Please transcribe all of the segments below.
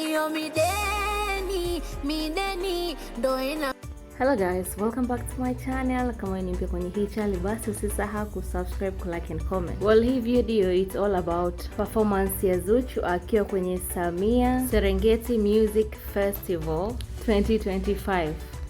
Iyo mideni, mideni ndo ina Hello guys, welcome back to my channel. Kama ni mpya kwenye hii channel basi usisahau kusubscribe, like and comment. Well, hii video it's all about performance ya Zuchu akiwa kwenye Samia Serengeti Music Festival 2025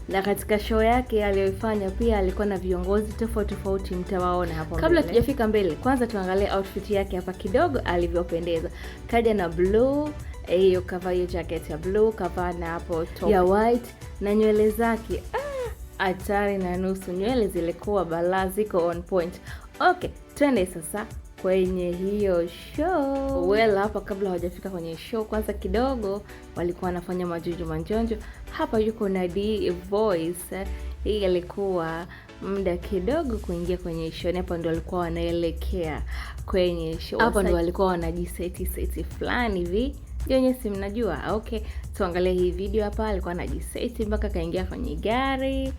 na katika show yake aliyoifanya pia alikuwa na viongozi tofauti tofauti, mtawaona hapo mbele. Kabla tujafika mbele, kwanza tuangalie outfit yake hapa kidogo, alivyopendeza kaja na blue Eh, hiyo kavaa hiyo jacket ya blue, kavaa na hapo top ya white na nywele zake ah, hatari ah, na nusu. Nywele zilikuwa balaa, ziko on point. Okay, twende sasa kwenye hiyo show. Well, hapa kabla hawajafika kwenye show, kwanza kidogo walikuwa wanafanya majonjo majonjo. Hapa yuko na D Voice, hii ilikuwa muda kidogo kuingia kwenye show, hapa ndo walikuwa wanaelekea kwenye show, hapa ndo walikuwa wanajiseti seti fulani hivi Je, wenyewe si mnajua? Okay, tuangalie hii video hapa. Alikuwa anajiseti mpaka akaingia kwenye gari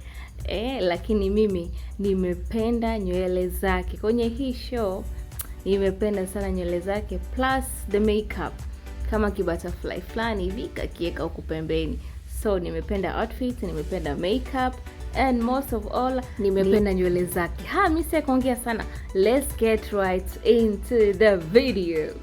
eh, lakini mimi nimependa nywele zake kwenye hii show, nimependa sana nywele zake plus the makeup kama kibutterfly fulani hivi kakiweka huku pembeni, so nimependa outfit, nimependa makeup and most of all nimependa nywele zake. Ha, mimi si kuongea sana, let's get right into the video.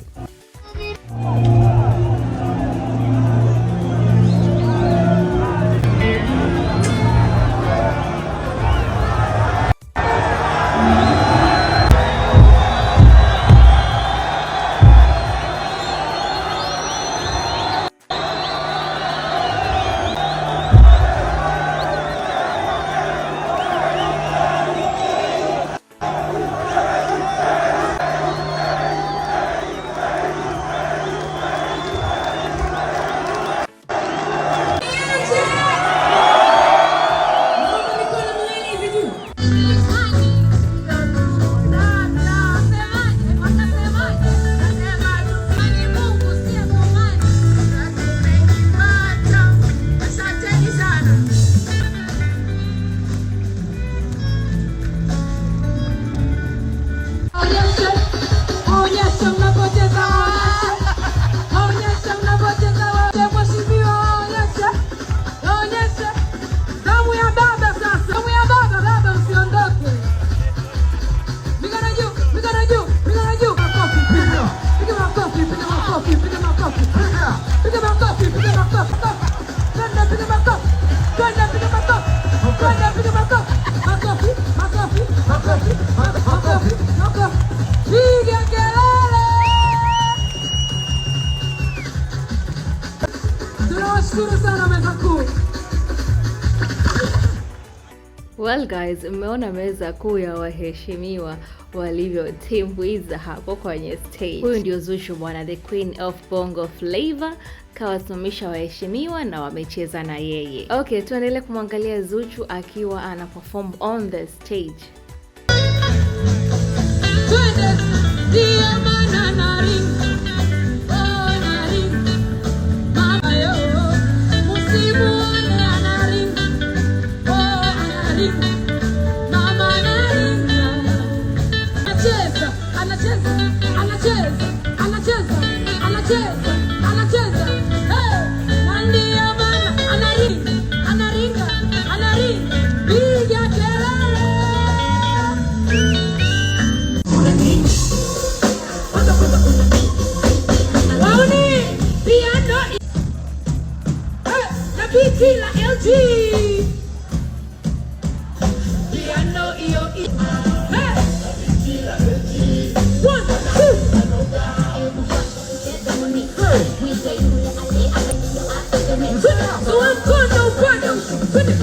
Well guys, mmeona meza kuu ya waheshimiwa walivyotimbwiza hapo kwenye stage. Huyu ndio Zuchu bwana, the queen of bongo flavor kawasimamisha waheshimiwa na wamecheza na yeye. Okay, tuendelee kumwangalia Zuchu akiwa ana perform on the stage.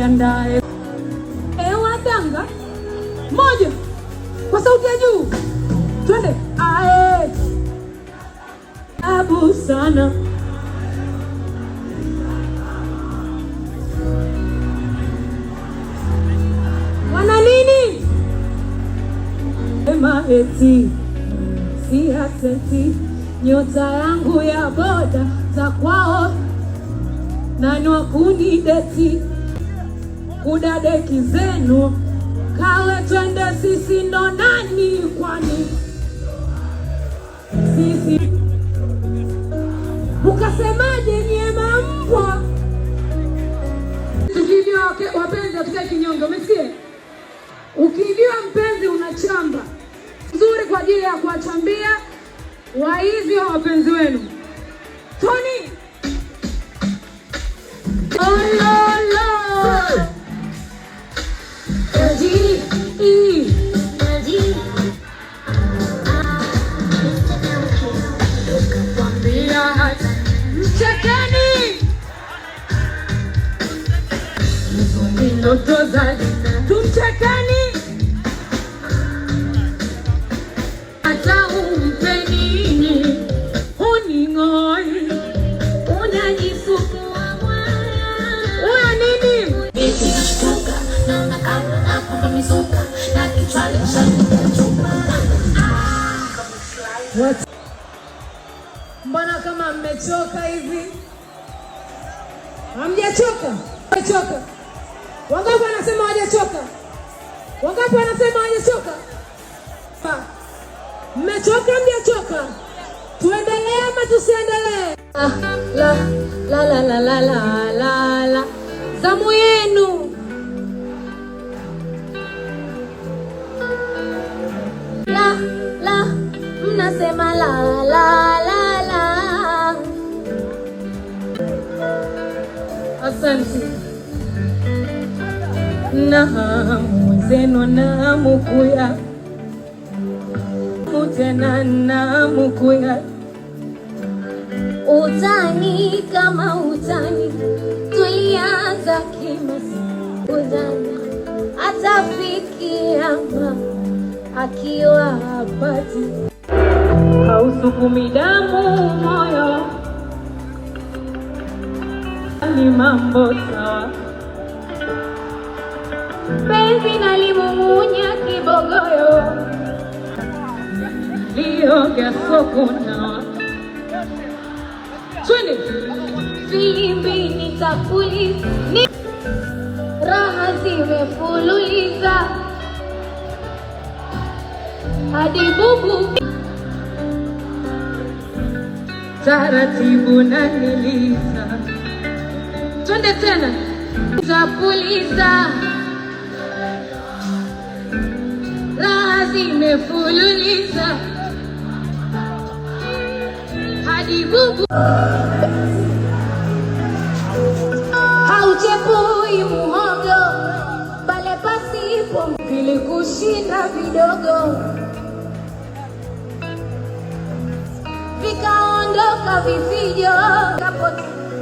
tujiandae. E, eh, wanatanga moja kwa sauti ya juu, twende. Ae abu sana wana nini? Ema eti si haseti nyota yangu ya boda za kwao nani wakunideti deki zenu kale twende sisi ndo nani kwani sisi mukasemaje nyema mambwa tukijua wapenzi hatukae kinyonge umesikia ukijua mpenzi unachamba nzuri kwa ajili ya kuwachambia waizi wa wapenzi wenu Tony Mmechoka hivi? Hamjachoka? Mmechoka? Wangapi wanasema hawajachoka? Wangapi wanasema hawajachoka? Mmechoka, mjachoka? Tuendelee ama tusiendelee? Ah, la la la la la la la la, zamu yenu. La la, mnasema la la na mwenzenu mutena na mukuya utani kama utani tulianza kimaskuzana atafikia akiwa hapati hausukumi moyo ni mambo sawa. Penzi nalimumunya kibogoyo, lioga soko nawa twende filimbi nitakuli ni raha zimefululiza hadi bubu taratibu na niliza twende tena, tapuliza raha zimefululiza hadi bubu hauchepui muhogo pale pasipo mpili kushinda vidogo vikaondoka vifijo kapo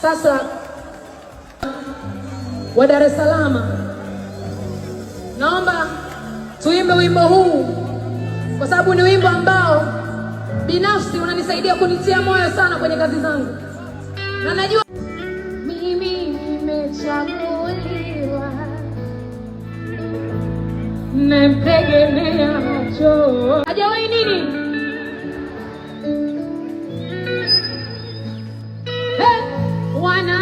Sasa wa Dar es Salaam, naomba tuimbe wimbo huu kwa sababu ni wimbo ambao binafsi unanisaidia kunitia moyo sana kwenye kazi zangu, na najua mimi nimechaguliwa, nategemea macho hajawahi nini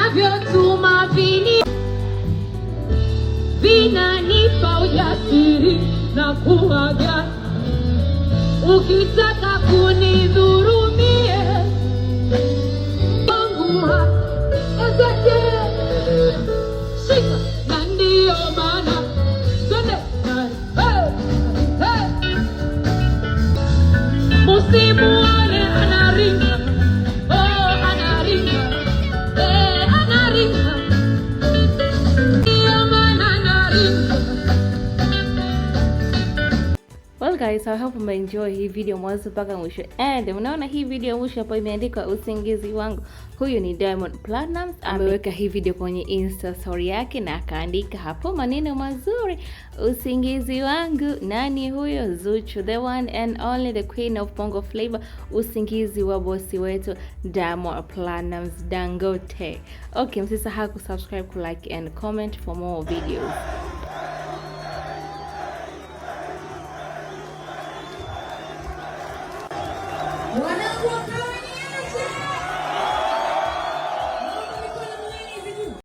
unavyotuma vini vinanipa ujasiri na kuwaga ukitaka kunidhuru guys, I hope umeenjoy hii video mwanzo mpaka mwisho. And unaona hii video mwisho hapo imeandikwa usingizi wangu. Huyu ni Diamond Platnumz ameweka hii video kwenye Insta story yake na akaandika hapo maneno mazuri, usingizi wangu. Nani huyo? Zuchu, the one and only, the queen of Bongo Flava, usingizi wa bosi wetu Diamond Platnumz Dangote. Okay, msisahau kusubscribe, kulike and comment for more videos.